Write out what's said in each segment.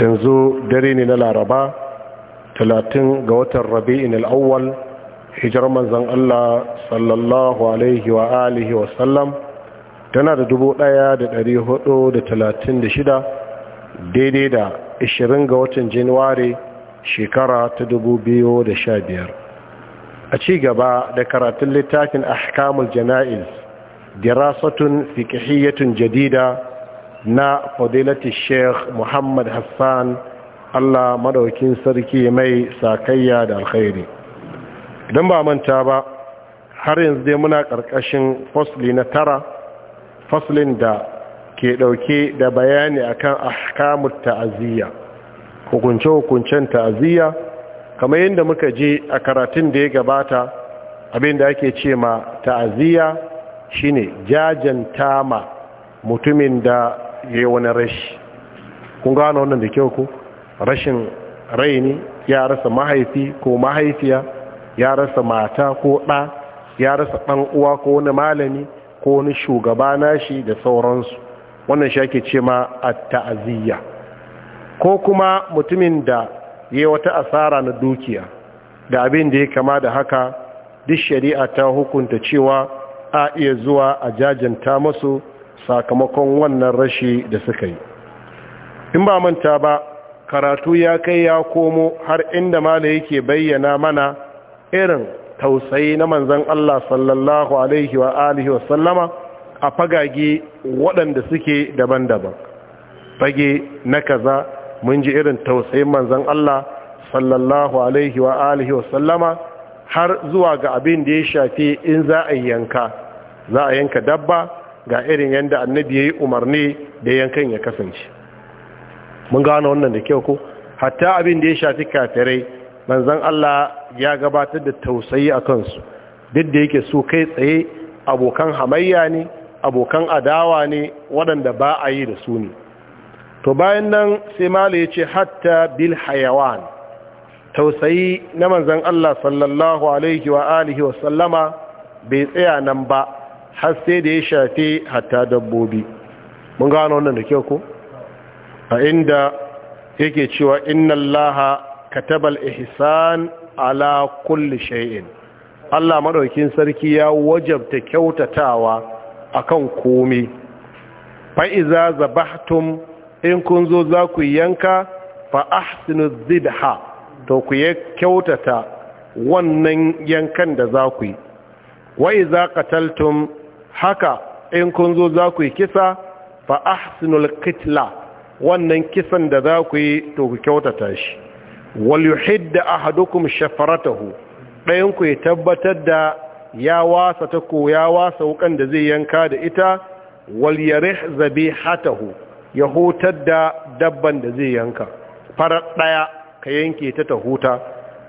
yanzu dare ne na laraba talatin ga watan rabi'in al'awwal hijar manzan Allah sallallahu alaihi wa alihi wa sallam tana da dubu da da shida daidai da 20 ga watan januwari shekara ta dubu da sha biyar a ci gaba da karatun littafin ahkamul jana'iz dirasatun fiqhiyyatun Jarida na fadilati sheikh muhammad hassan allah maɗaukin sarki mai sakayya da alkhairi idan ba manta ba har yanzu dai muna ƙarƙashin fasli na tara faslin da ke ɗauke da bayani akan ahkamut ta'aziyya hukunce-hukuncen ta'aziyya kamar yadda muka je a karatun da ya gabata abin da ake ce ma ta'aziyya shine jajanta ma mutumin da ya yi wani rashi kun gano wannan da kyau ku rashin raini ya rasa mahaifi ko mahaifiya ya rasa mata ko ɗa ya rasa ɗan uwa ko wani malami ko wani shugaba nashi da sauransu wannan shi ake ce ma a ta'aziyya ko kuma mutumin da ya yi wata asara na dukiya da abin da ya kama da haka duk shari'a ta hukunta cewa a iya zuwa a jajanta masu sakamakon wannan rashi da suka yi in ba manta ba karatu ya kai ya komo har inda mala yake bayyana mana irin tausayi na manzan Allah sallallahu alaihi wa alihi wa sallama a fagage waɗanda suke daban-daban fage na kaza mun ji irin tausayin manzan Allah sallallahu alaihi wa alihi wa sallama har zuwa ga abin da ya shafi in za a yanka za a yanka dabba ga irin yadda annabi ya yi umarni da yankan ya kasance mun gano wannan da kyau ko hatta abin da ya shafi kafirai manzan Allah ya gabatar da tausayi a kansu duk da yake su kai tsaye abokan hamayya ne abokan adawa ne waɗanda ba a yi da su ne to bayan nan sai malu ya ce hatta bil hayawan tausayi na manzan Allah sallallahu alaihi wa alihi wa sallama bai tsaya nan ba har sai da ya shafe hatta dabbobi mun gano wannan da kyau ko a inda yake cewa inna allaha katabal ihsan ala kulli shay'in Allah madaukin sarki ya wajabta kyautatawa akan komai fa iza zabahtum in kun zo za ku yanka fa ahsinu zidha to ku kyautata wannan yankan da za ku yi wa iza qataltum haka in kun zo za ku yi kisa fa ahsinul kitla wannan kisan da za ku yi to ku kyautata shi wal yuhidda ahadukum shafaratahu ɗayan ku ya tabbatar da ya wasa ta ko ya wasa wukan da zai yanka da ita wal yarih zabihatahu ya hutar da dabban da zai yanka farar ɗaya ka yanke ta ta huta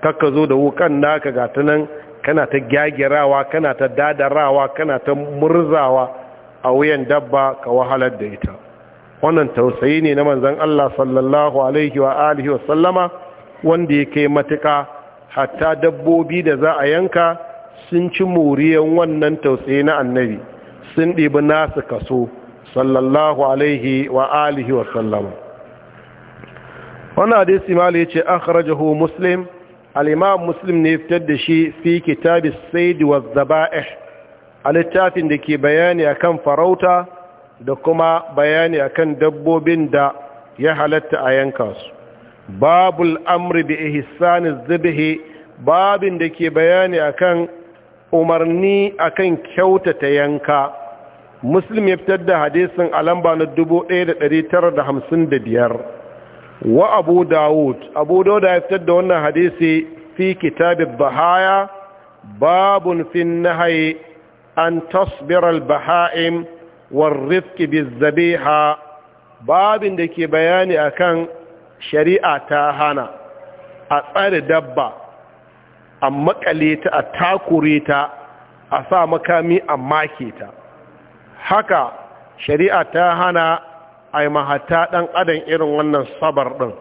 kakka zo da wukan naka gata nan kana ta gyagirawa kana ta dadarawa kana ta murzawa a wuyan dabba ka wahalar da ita wannan tausayi ne na manzan Allah sallallahu alaihi wa alihi wa sallama wanda ya kai matuka, hatta dabbobi da za a yanka sun ci moriyan wannan tausayi na annabi sun ɗibi nasu kaso sallallahu alaihi wa alihi wa sallama wannan hadisi ce ce akhrajahu muslim al'imam muslim ne fitar da shi fi kitabi saidi wa zaba'ih a littafin da ke bayani a kan farauta da kuma bayani a kan dabbobin da ya halatta a yanka su babul amri bi ihsani zubihi babin da ke bayani a kan umarni a akan kyautata yanka muslim ya fitar da hadisin a lamba na biyar. wa abu dawud abu dawud ya fitar da wannan hadisi fi kitabin bahaya babun fin nahai an tasbir al-baha'im warrifki bizabiha babin da ke bayani akan shari'a ta hana a tsare dabba a makale ta a takure ta a sa makami a make ta haka shari'a ta hana Ai mahata ɗan adam irin wannan sabar ɗin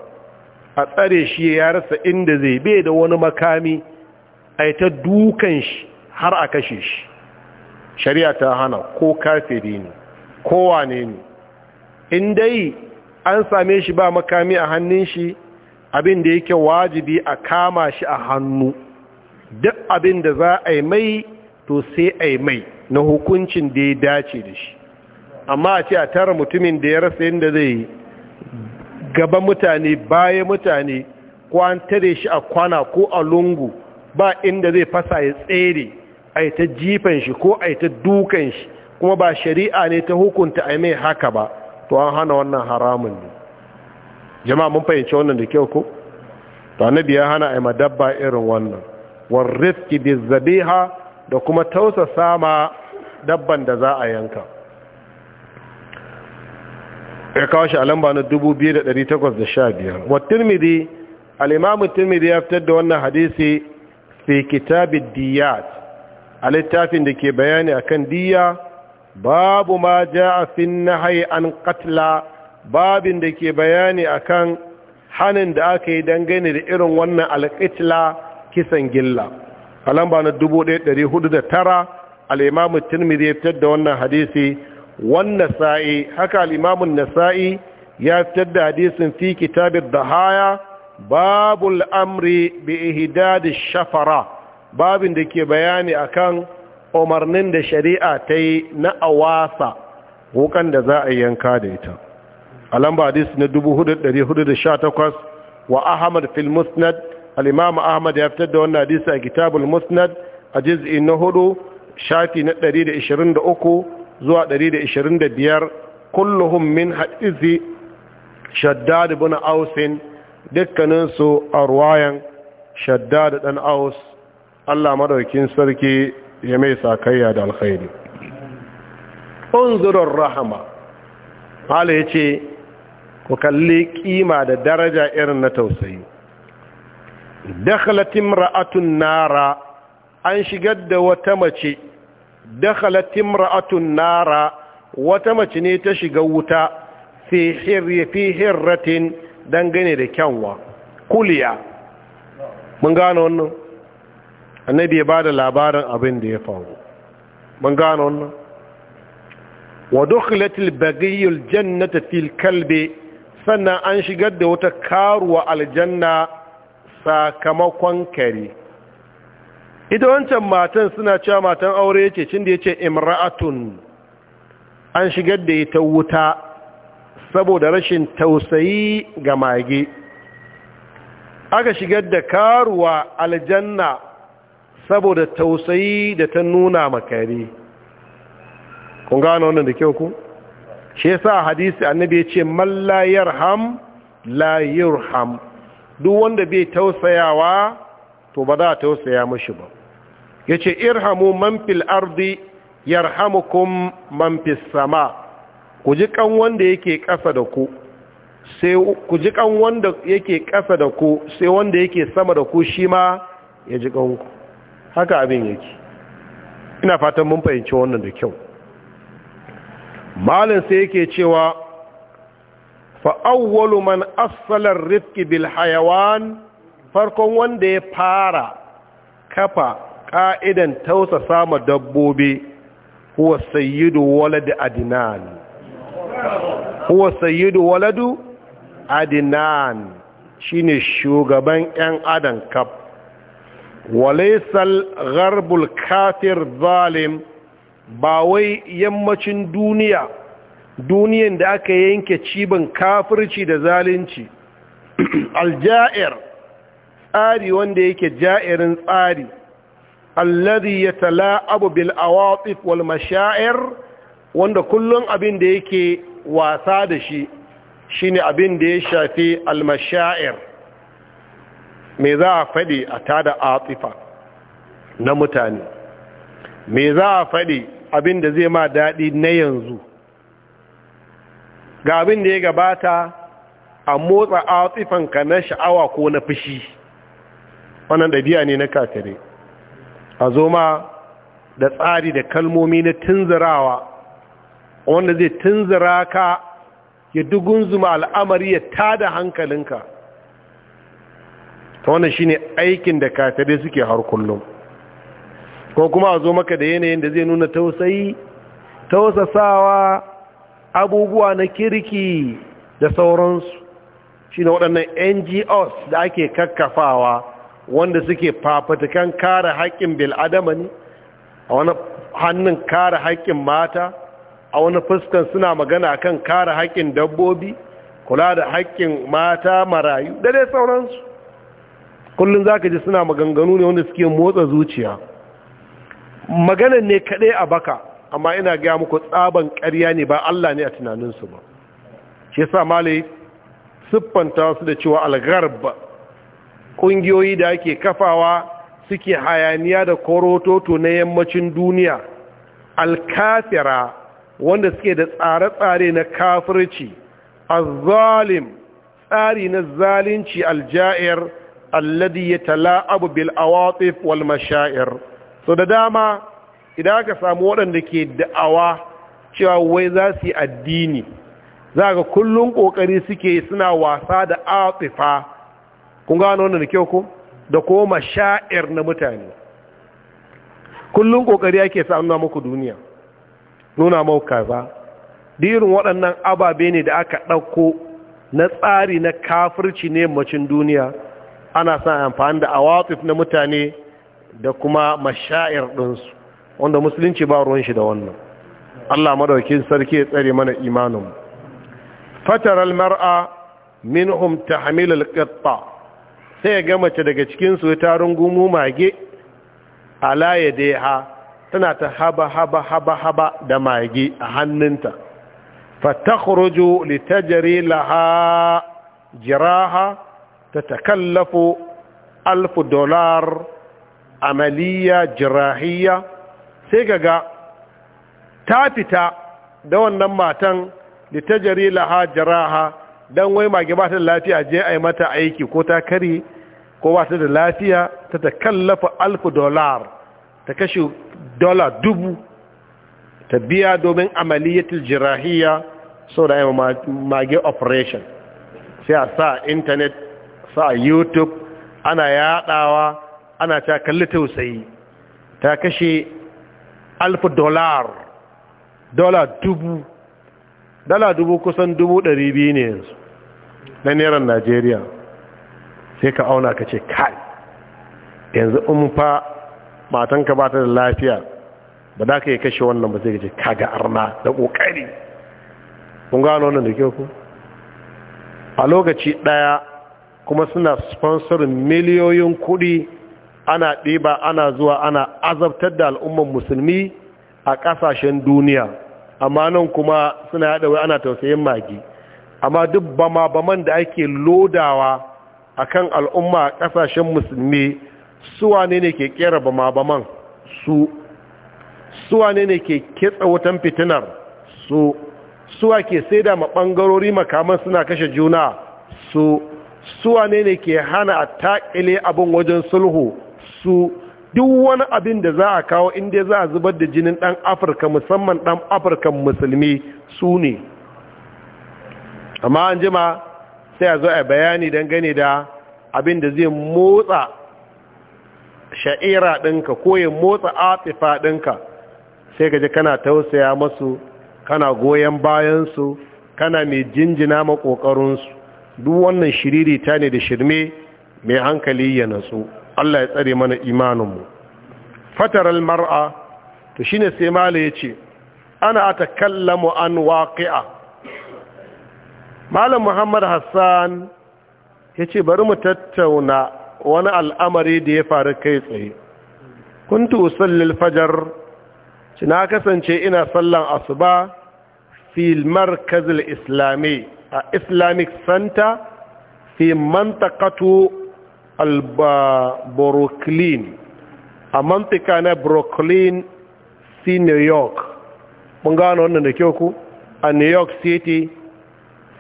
a tsare shi ya rasa inda zai bai da wani makami a ta dukan shi har a kashe shi shari'a ta hana ko kafiri ne kowa ne ne in dai an same shi ba makami a hannun shi abin da yake wajibi a kama shi a hannu duk abin da za a mai to sai a mai na hukuncin da ya dace da shi amma a ce a tara mutumin da ya rasa yadda zai yi gaba mutane baya mutane ko an tare shi a kwana ko a lungu ba inda zai fasa ya tsere a yi ta jifan shi ko a yi ta dukan shi kuma ba shari'a ne ta hukunta a mai haka ba to an hana wannan haramun ne jama'a mun fahimci wannan da kyau ko to na biya hana a madabba irin wannan warrifki bizabiha da kuma tausa sama dabban da za a yanka ya kawo shi a lamba na 2815 wa turmidi al turmidi ya fitar da wannan hadisi fi kitab diyat a littafin da ke bayani akan diya babu ma a fin na nahy an katla babin da ke bayani akan hannun da aka yi dangane da irin wannan alƙitla kisan gilla a lamba na 1409 al-imam ya fitar da wannan hadisi wan sa'i haka al-imamun nasa'i ya fitar da hadisin fi kitabid dahaya babul amri bi ihdad shafara babin da ke bayani akan umarnin da shari'a ta yi na awasa wukan da za a yanka da ita a lamba hadis na 4418 wa ahmad fil musnad al-imam ahmad ya fitar da wannan hadisi a kitabul musnad a juz'i na 4 shafi na 123 zuwa 125 kulluhum min hadisi shaddad ibn ausin dukkaninsu a ruwayan shaddad dan aus Allah madaukin sarki ya mai sakayya da alkhairi unzurur rahama ya yace ku kalli kima da daraja irin na tausayi dakhalat ra'atun nara an shigar da wata mace dakhalat timra'atun nara wata mace ne ta shiga wuta fi hirri fi hirratin dangane da kyanwa kuliya mun gano wannan annabi ya bada labarin abin da ya faru mun gano wannan wa dukhilat al-baghiy al-jannata kalbi sannan an shigar da wata karuwa aljanna sakamakon kare ita wancan matan suna cewa matan aure yake cin da yace imra'atun an shigar da ita wuta saboda rashin tausayi ga mage aka shigar da karuwa aljanna saboda tausayi da ta nuna makare kun gano wannan da kyau ku shi yasa hadisi annabi ya ce man la yarham la yurham duk wanda bai tausayawa to ba za a tausaya mashi ba yace irhamu man fil ardi yarhamukum man fis sama ku ji kan wanda yake ƙasa da ku sai ku ji kan wanda yake ƙasa da ku sai wanda yake sama da ku shi ma ya ji kan ku haka abin yake ina fatan mun fahimci wannan da kyau malin sai yake cewa fa awwalu man asala rizqi bil hayawan farkon wanda ya fara kafa ka'idan tausa sama dabbobi huwa sayyidu walad adinan huwa sayyidu waladu adinan shine shugaban yan adam kaf walaysal gharbul kafir zalim ba wai yammacin duniya duniyan da aka yanke ciban kafirci da zalunci aljair tsari wanda yake jairin tsari alladhi yatala'abu bil awatif wal mashaa'ir wanda kullun abin da yake wasa da shi shine abin da ya shafi al mashaa'ir me za a fadi a tada atifa na mutane me za a fadi abin da zai ma dadi na yanzu ga abin da ya gabata a motsa atifanka na sha'awa ko na fushi wannan ɗabi'a ne na katare a zo ma da tsari da kalmomi na tunzirawa wanda zai tunzira ka ya dugunzuma al'amari ya tada hankalinka ta wannan shine aikin da kafirai suke har kullum ko kuma a zo maka da yanayin da zai nuna tausayi tausasawa abubuwa na kirki da sauransu shine waɗannan ngos da ake kakkafawa wanda suke fafatukan kare haƙƙin bil'adama ne a wani hannun kare haƙƙin mata a wani fuskan suna magana kan kare haƙƙin dabbobi kula da haƙƙin mata marayu da dai sauransu kullum za ka ji suna maganganu ne wanda suke motsa zuciya maganan ne kaɗai a baka amma ina gaya muku tsaban ƙarya ne ba Allah ne a tunaninsu ba shi sa malai siffanta su da cewa algarba ƙungiyoyi da ake kafawa suke hayaniya da korototo na yammacin duniya alkafira wanda suke da tsare-tsare na kafirci azzalim tsari na zalunci aljair alladi ya abu bil awatif wal mashair so da dama idan aka samu waɗanda ke da'awa cewa wai za su yi addini za ga kullum ƙoƙari suke suna wasa da atifa kun gano wannan da kyau ko da koma sha'ir na mutane kullum kokari yake sa nuna muku duniya nuna mau kaza dirin waɗannan ababe ne da aka ɗauko na tsari na kafirci ne macin duniya ana sa amfani da awatif na mutane da kuma masha'ir ɗinsu wanda musulunci ba ruwan shi da wannan Allah maɗaukin sarki ya tsare mana imanin fataral mar'a minhum tahmilul qitta sai ga mace daga cikin ya tarin gumu mage alaye dai ha tana ta haba haba haba haba da mage a hannunta fatakhruju litajri laha jiraha tatakallafu alf dolar amaliya jirahiya sai kaga ta fita da wannan matan litajri laha jiraha Dan wai mage ba ta da lafiya je a yi mata aiki ko ta kari ko ba ta da lafiya ta ta kallafa alfu dolar ta kashe dola dubu ta biya domin amaliyyatul jirahiyya sau da mage operation sai a sa intanet sa youtube ana yadawa ana ta kalli tausayi ta kashe alfu dolar dola dubu dala dubu kusan dubu ɗari biyu ne yanzu na neran najeriya sai ka auna ka ce kai yanzu in fa matanka ba ta da lafiya ba za ka yi kashe wannan ba sai ka ce kaga arna da ƙoƙari kun gano wannan da ke ku a lokaci ɗaya kuma suna sponsor miliyoyin kuɗi ana ɗiba ana zuwa ana azabtar da al'umman musulmi a ƙasashen duniya amma nan kuma suna yaɗa wai ana tausayin magi amma duk bama baman da ake lodawa akan al'umma a kasashen musulmi suwa ne ne ke kera bama baman su suwa ne ne ke kitsa wutan fitinar su suwa ke saida ma ɓangarori makaman suna kashe juna su suwa ne ne ke hana a takile abin wajen sulhu su duk wani abin da za a kawo inda za a zubar da jinin ɗan afirka musamman ɗan afirka musulmi su ne amma an jima sai a zo a bayani don dangane da abin da zai motsa sha'ira ɗinka ko ya motsa atifa ɗinka sai gaji kana tausaya masu kana goyon bayansu kana mai jinjina ma maƙoƙarinsu duk wannan shiriri ta ne da shirme mai hankali ya natsu Allah ya tsare mana imaninmu fataral mar'a to shine sai mala yace ana atakallamu an waqi'a malam Muhammad Hassan yace bari mu tattauna wani al'amari da ya faru kai tsaye kuntu usalli al-fajr kasance ina sallan asuba fil markaz al-islami a islamic center fi mantaqatu alba-brooklyn a mantika na brooklyn si new york mun gano wannan da kyau ku a new york city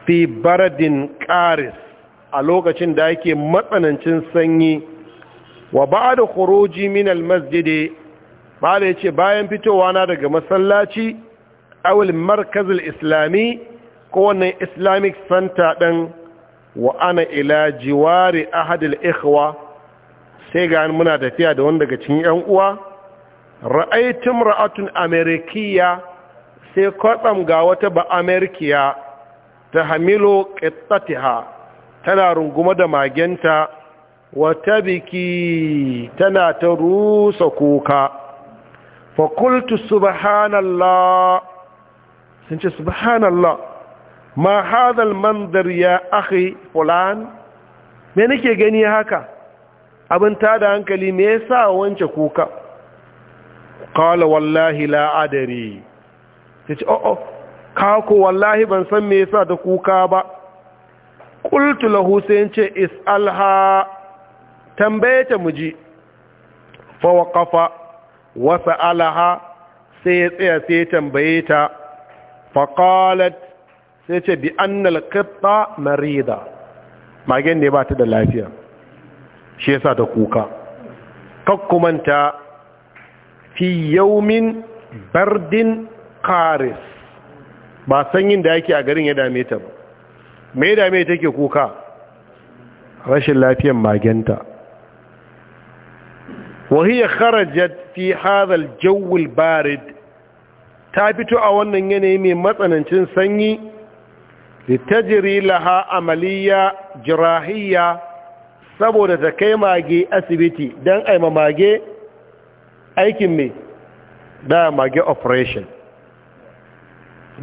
fi baradin karis a lokacin da ake matsanancin sanyi wa ba da kuroji min almasjidi da ya ce bayan fitowa na daga masallaci awul markazul islami ko wannan islamic center ɗan wa ana ila jiwari ahadil ikhwa sai ga muna tafiya da wanda daga cikin yan uwa Ra'aitun ra'atun amerikiya sai kwatsam ga wata ba amerikiya ta hamilo qittatiha tana runguma da magenta wata biki tana ta rusa kuka fakultu subhanallah sun ce subhanallah ma hadal mandar ya ake fulan me nake gani haka abin tada hankali me yasa wance kuka qala wallahi la adari ce oh oh wallahi ban san me yasa da kuka ba qultu lahu sai ce isalha tambaye ta muji fa waqafa wa sa'alaha sai ya tsaya sai tambaye ta fakalat sai ce bi annal qitta marida magen ne ba ta da lafiya shi yasa ta kuka kakkumanta fi yaumin bardin qaris ba sanyin da yake a garin ya dame ta ba me ya dame take kuka rashin lafiyar magenta وهي خرجت في هذا الجو البارد ta fito a wannan yanayi mai matsanancin sanyi litajiri laha amaliya jirahiyya saboda ta kai mage asibiti don aima mage aikin mai mage operation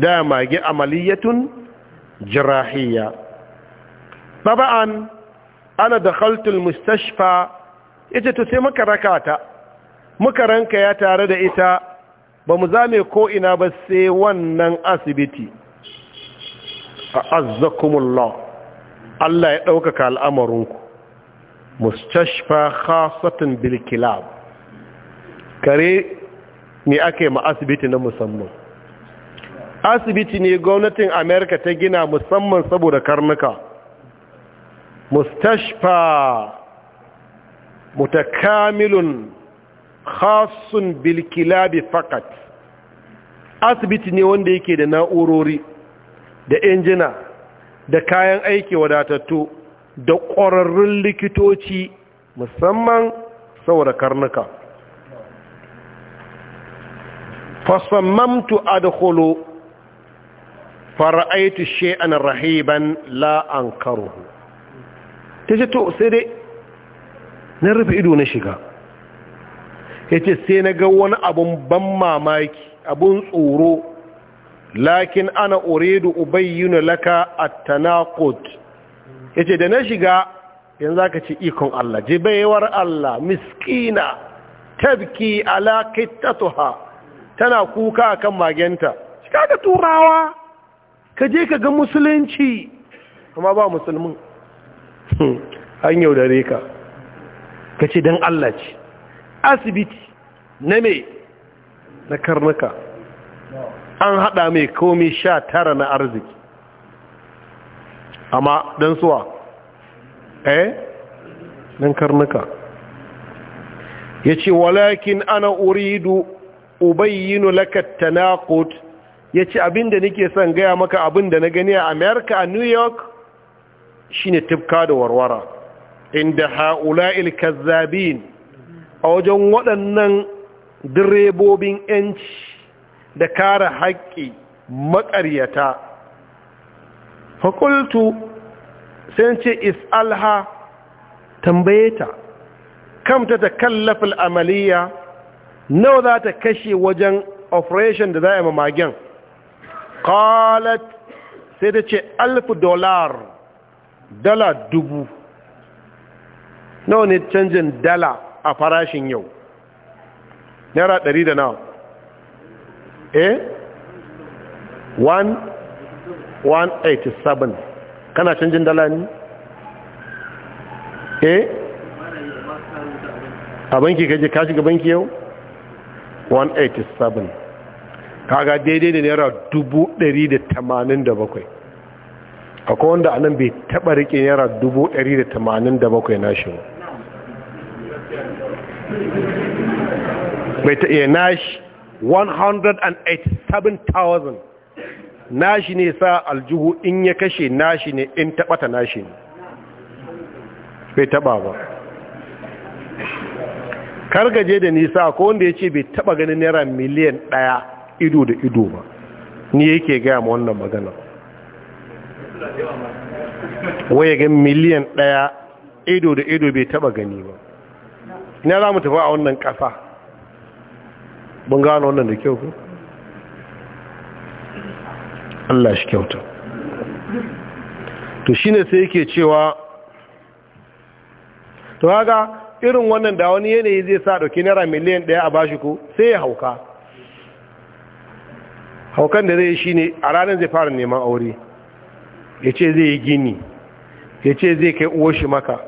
da mage amaliyatun jirahiyya taba'an ana da haltun mustashfa ita to sai muka raka ta muka ranka ya tare da ita ba mu zame ko ina ba sai wannan asibiti a'azzakumullah Allah ya ɗaukaka al'amarinku mustashfa khasatan bil kilab kare ne ake ma asibiti na musamman asibiti ne gwamnatin amerika ta gina musamman saboda karnuka mustashfa mutakamilun khasun bil fakat asibiti ne wanda yake da na'urori da injina da kayan aiki wadatattu da ƙwararrun likitoci musamman saboda karnuka fasammamtu adkhulu fara'aitu shay'an rahiban la ankaruhu tace to sai dai na rufe ido na shiga yace sai na ga wani abun ban mamaki abun tsoro lakin ana uridu ubayyana laka at-tanaqud yace da na shiga yanzu aka ce ikon Allah jibayewar Allah miskina tabki ala qittatuha tana kuka kan magenta Shiga da turawa ka je ka ga musulunci amma ba musulmin an yaudare ka ka ce don Allah ce asibiti na me na karnuka an haɗa mai komi sha tara na arziki amma don suwa eh don karnuka ya ce walakin ana uridu ubayyinu lakatta na ya ce abinda nake son gaya maka abinda na gani a amerika a new york shine tufka da warwara inda ha'ula'il kazzabin a wajen waɗannan direbobin 'yanci da kare haƙƙi maƙaryata fakultu sai ce is'alha tambaye ta kamta ta kallafin amaliya nawa za ta kashe wajen operation da za a mamagen qalat sai ta ce alfi dolar dala dubu nawa ne canjin dala a farashin yau naira ɗari da nawa eh 187 kana canjin dala ne eh a banki kaje kashi ga banki yau 187 kaga daidai da naira 187 akwai wanda anan bai taba rike naira 187 na shi bai ta iya eh, nashi 187,000 nashi ne sa aljihu in ya kashe nashi ne in taɓata nashi ne bai taɓa ba kargaje da nisa ko wanda ya ce bai taɓa ganin naira miliyan ɗaya ido da ido ba ni yake gaya ma wannan magana waya ga miliyan ɗaya ido da ido bai taɓa gani ba ina za mu tafi a wannan ƙasa mun gano wannan da kyau ku Allah shi kyauta to shine sai yake cewa to haka irin wannan da wani yanayi zai sa dauki naira miliyan ɗaya a bashi ko sai ya hauka haukan da zai shi ne a ranar zai fara neman aure ya ce zai yi gini ya ce zai kai uwar shi maka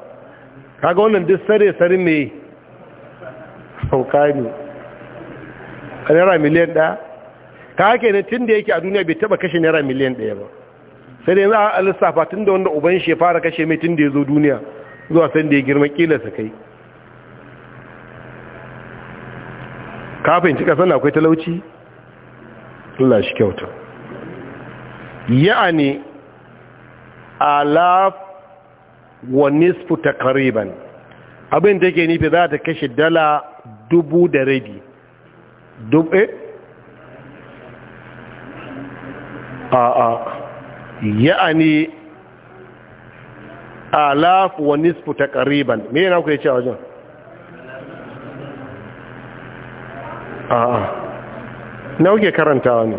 kaga wannan duk sare-sare mai hauka ne a naira miliyan ɗaya ka hake ne tun da yake a duniya bai taba kashe naira miliyan ɗaya ba sai dai za a lissafa tun da wanda uban shi fara kashe mai tun da ya zo duniya zuwa san da ya girma kila sa kai kafin cika sana akwai talauci Allah shi kyauta ya'ani alaf wa nisfu taqriban abin da yake nufi za ta kashe dala dubu da rabi dubbe eh? a a'a ya'ani alaf wa nisfu taqriban me yana ku yace a wajen a'a na kuke karantawa ne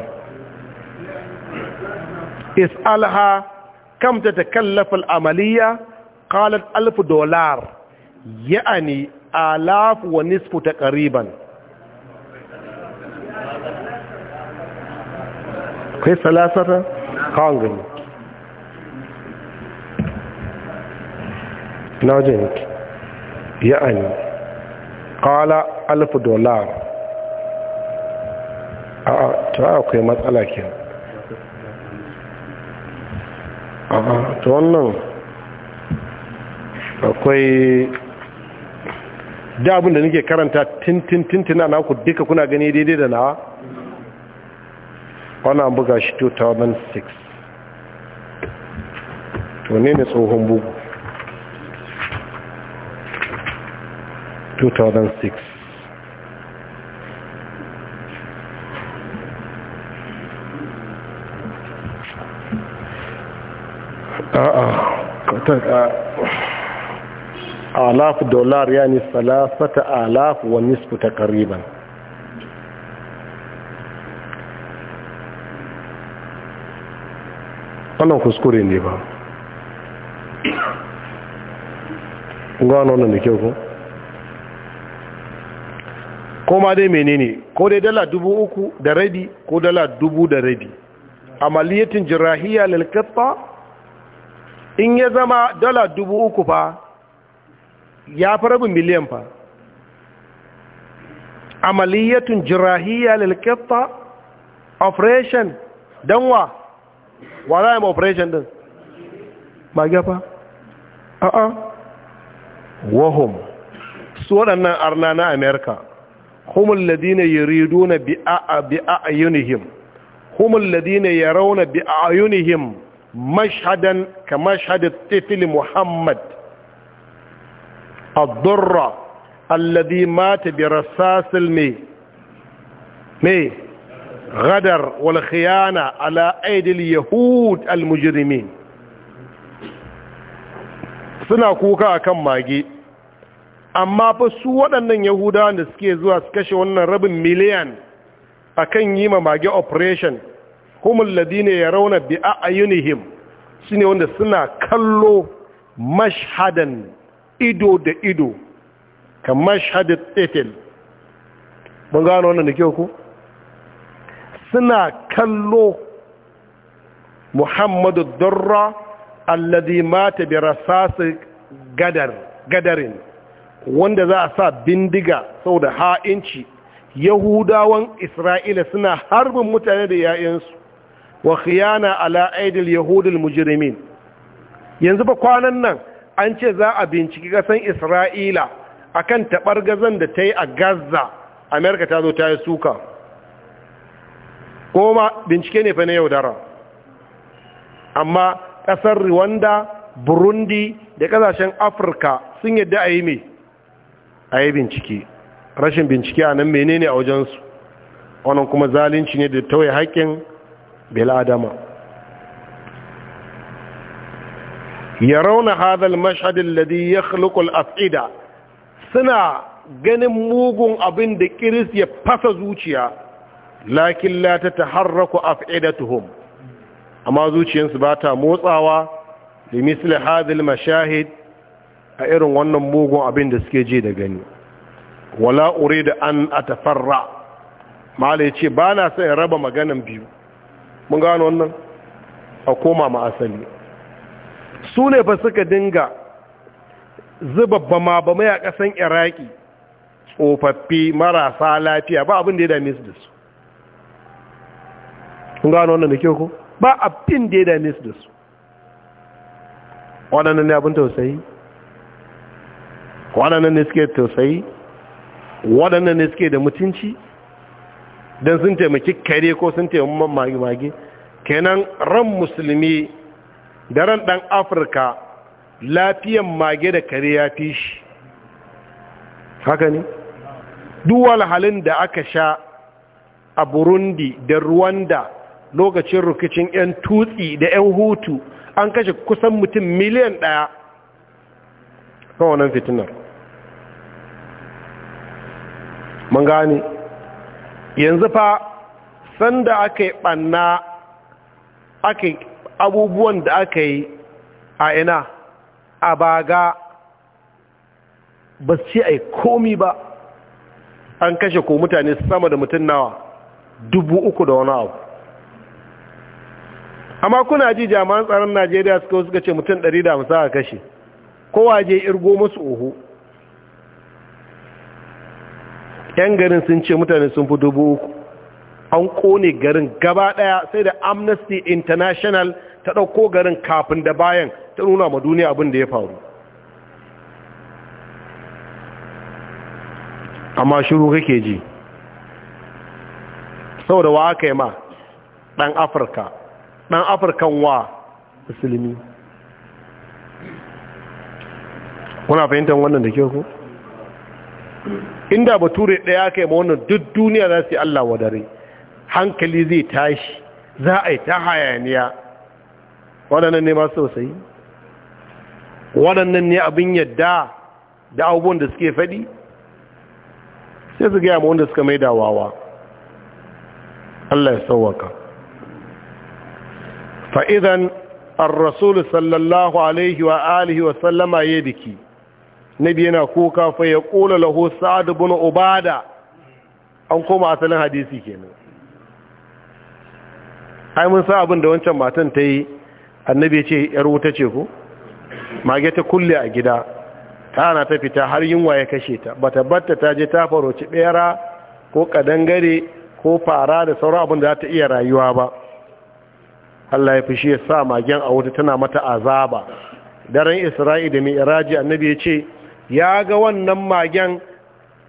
is'alha kam tatakallafu al-amaliyya qalat 1000 dollar ya'ani alaf wa nisfu taqriban akwai salasata kawon gani na wajen yake ya'ani kawala alfi dolar a ta akwai matsala ke a ta wannan akwai da abinda nake karanta tintin tintin na ku duka kuna gani daidai da nawa wannan buga shi 2006 to ne ne tsohon bugu 2006 a a kata ka alaf dolar yani salasata alaf wa nisfu taqriban wannan kuskure ne ba gano wannan da kyau ko koma dai menene ko dai dala dubu uku da rabi ko dala dubu da rabi maliyatin jirahiyya lalkafa in ya zama dala dubu uku fa ya fi rabin miliyan fa maliyatin jirahiyya lalkafa operation don wa What I'm operation then? Magyapa? Uh-uh. Wahum. Suwadana arnana Amerika. هم الذين يريدون بأعينهم هم الذين يرون بأعينهم مشهدا كمشهد الطفل محمد غدر والخيانة على أيدي اليهود المجرمين suna kuka akan mage amma fa su waɗannan yahudawan da suke zuwa su kashe wannan rabin miliyan akan yi ma mage operation humul bi'a a bi a'yunihim ne wanda suna kallo mashhadan ido da ido kamar mashhadat qatl mun gano wannan da kyau ku. suna kallo muhammadu durra alladhi mata bi rasasi gadar gadarin wanda za a sa bindiga sau da ha'inci yahudawan isra'ila suna harbin mutane da yayansu wa khiyana ala aidil yahudil mujrimin yanzu ba kwanan nan an ce za a binciki kasan isra'ila akan taɓargazan da ta yi a gaza amerika ta zo ta yi suka Koma bincike ne fa na yaudara amma ƙasar rwanda burundi da ƙasashen afirka sun yadda a yi mai a yi bincike rashin bincike a nan menene a wajensu wannan kuma zalunci ne da tauye haƙƙin bil'adama ya rauna hadal mashadin ladi ya khulukul af'ida suna ganin mugun abin da kiris ya fasa zuciya lakin la ta taharraku tuhum amma zuciyarsu ba ta motsawa da misli mashahid a irin wannan mugun abin da suke ji da gani wala da an a atafarra ya yace ba na son raba maganan biyu mun gano wannan a koma ma asali su ne ba suka dinga zuba ba mai a kasan iraki tsofaffi marasa lafiya ba abin da ya dame su da su kun gano wannan da kyau ko ba abin da ya dame su da su waɗannan ne abin tausayi waɗannan ne suke tausayi waɗannan ne suke da mutunci don sun taimaki kare ko sun taimaki mage kenan ran musulmi da ran ɗan afirka lafiyan mage da kare ya fi shi haka ne duwal halin da aka sha a burundi da rwanda lokacin rikicin 'yan tutsi da 'yan hutu an kashe kusan mutum miliyan ɗaya kan wannan fitinar mun gane yanzu fa sanda aka yi ɓanna aka abubuwan da aka yi a ina a baga ba su ce a komi ba an kashe ko mutane sama da mutum nawa dubu uku da wani abu amma kuna ji jami'an tsaron najeriya suka suka ce mutum ɗari da musa a kashe kowa je irgo musu oho yan garin sun ce mutane sun fi dubu uku an kone garin gaba daya sai da amnesty international ta ɗauko garin kafin da bayan ta nuna ma duniya abin da ya faru amma shiru kake ji sau da wa aka yi ma ɗan afirka ɗan afirkan wa musulmi kuna fahimtar wannan da ke ku inda bature ɗaya kai ma wannan duk duniya za su yi allah wadare hankali zai tashi za a yi ta hayaniya waɗannan ne masu sosai waɗannan ne abin yadda da abubuwan da suke faɗi sai su gaya ma wanda suka mai wawa Allah ya sauwaka fa idan ar-rasul sallallahu alaihi wa alihi wa sallama biki. nabi yana kuka fa ya kula lahu sa'd ibn ubada an koma asalin hadisi kenan ai mun sa abin da wancan matan ta yi annabi ce yar wuta ce ko mage ta kulle a gida tana ta fita har yunwa ya kashe ta bata tabbata ta je ta faroci bera ko kadangare ko fara da sauran abin da za ta iya rayuwa ba Allah ya fushi ya sa magen a wuta tana mata azaba daren Isra'i da Mi'raji annabi ya ce ya ga wannan magen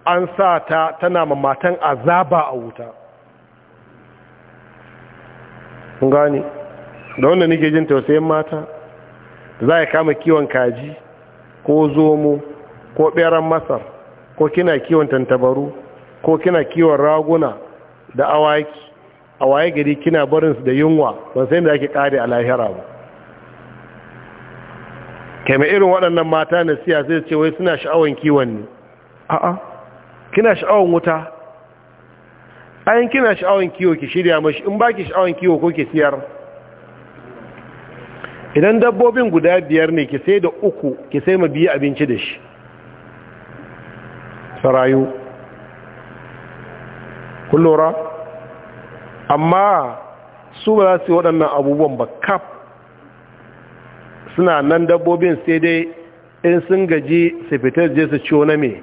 an sa ta tana ma matan azaba a wuta kun gani da wanda nake jin tausayin mata za ya kama kiwon kaji ko zomo ko ɓeran masar ko kina kiwon tantabaru ko kina kiwon raguna da awaki a waye gari kina barinsu da yunwa ban sai da ake kare a lahira ba kame irin waɗannan mata na siya sai ce wai suna sha'awan kiwon ne a'a kina sha'awan wuta ayin kina sha'awan kiwo ki shirya mashi in ba ki sha'awan kiwo ko ki siyar idan dabbobin guda biyar ne ki sai da uku ki sai ma biyu abinci da shi sarayu kun amma su ba za su yi waɗannan abubuwan ba kaf suna nan dabbobin sai dai in sun gaji su fita je su ciwo na me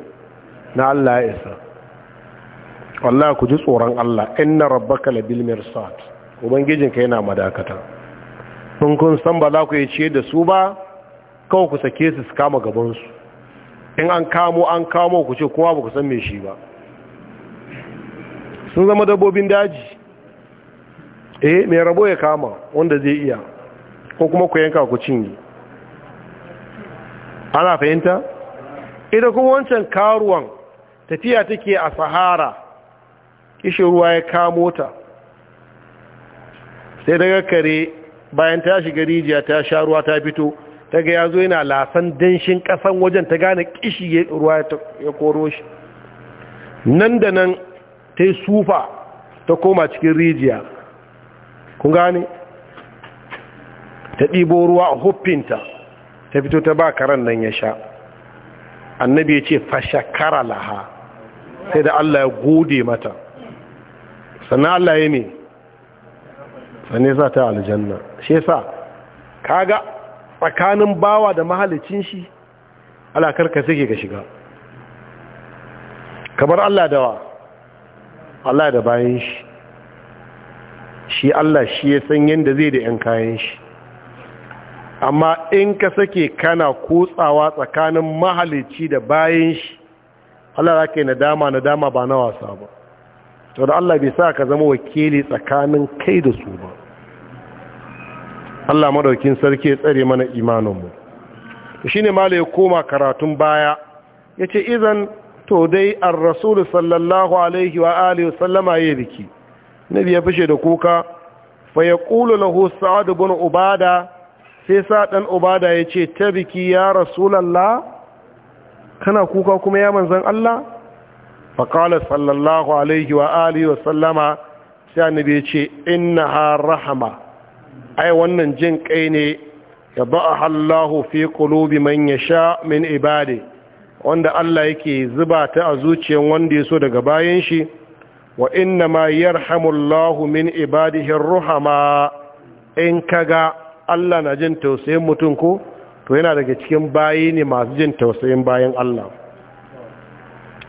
na Allah ya isa Allah ku ji tsoron Allah inna rabbaka labil mirsad ka yana madakata kun kun san ba za ku yi ciye da su ba kawai ku sake su su kama su, in an kamo an kamo ku ce kowa ba ku san me shi ba sun zama dabbobin daji eh mai rabo ya kama wanda zai iya ko kuma ku yanka ku cinye ana fahimta idan kuma wancan karuwan tafiya take a sahara kishin ruwa ya kamo ta sai daga kare bayan ta shiga rijiya ta sha ruwa ta fito ta ga ya zo yana lasan danshin kasan wajen ta gane kishi ruwa ya koro shi nan da nan ta yi sufa ta koma cikin rijiya kun gane ta ɗibo ruwa a huffinta ta fito ta ba karen nan ya sha annabi ya ce fashakara laha sai da Allah ya gode mata sannan Allah ya ne sannan sa ta aljanna shi ya sa kaga tsakanin bawa da mahalicin shi ka suke ka shiga kamar Allah da wa Allah da bayan shi shi Allah shi ya san yadda zai da 'yan kayan shi amma in ka sake kana kutsawa tsakanin mahalicci da bayan shi Allah za ka yi nadama nadama ba na wasa ba to da Allah bai sa ka zama wakili tsakanin kai da su ba Allah madaukin sarki ya tsare mana imaninmu shi ne mala ya koma karatun baya ya ce izan to dai an rasulu sallallahu alaihi wa alihi wasallama ya biki. nabi ya fashe da kuka fa ya ƙulu lahu sa'ad bin ubada sai sa ɗan ubada ya ce ta biki ya rasulallah kana kuka kuma ya manzan Allah fa qala sallallahu alaihi wa alihi wa sallama sai annabi ya ce ha rahama ai wannan jin kai ne ya ba'a Allahu fi qulubi man yasha min ibadi wanda Allah yake zuba ta a zuciyar wanda ya so daga bayan shi wa inna ma yarhamullahu min ibadihi ruhama in kaga Allah na jin tausayin mutum ko to yana daga cikin bayi ne masu jin tausayin bayan Allah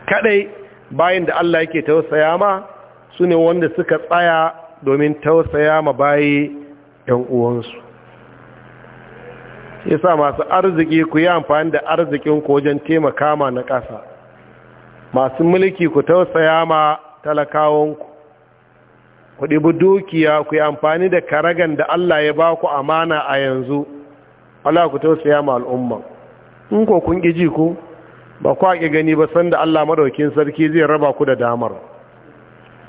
kadai bayin da Allah yake tausaya ma su wanda suka tsaya domin tausaya ma bayi ɗan uwansu yasa masu arziki ku yi amfani da arzikin ku wajen taimaka ma na ƙasa masu mulki ku tausaya ma talakawanku ku ɗibi dukiya ku yi amfani da karagan da Allah ya ba ku amana a yanzu Allah ku tausaya ma al'umma in ko kun ƙi ji ku ba ku haƙi gani ba sanda Allah maɗaukin sarki zai raba ku da damar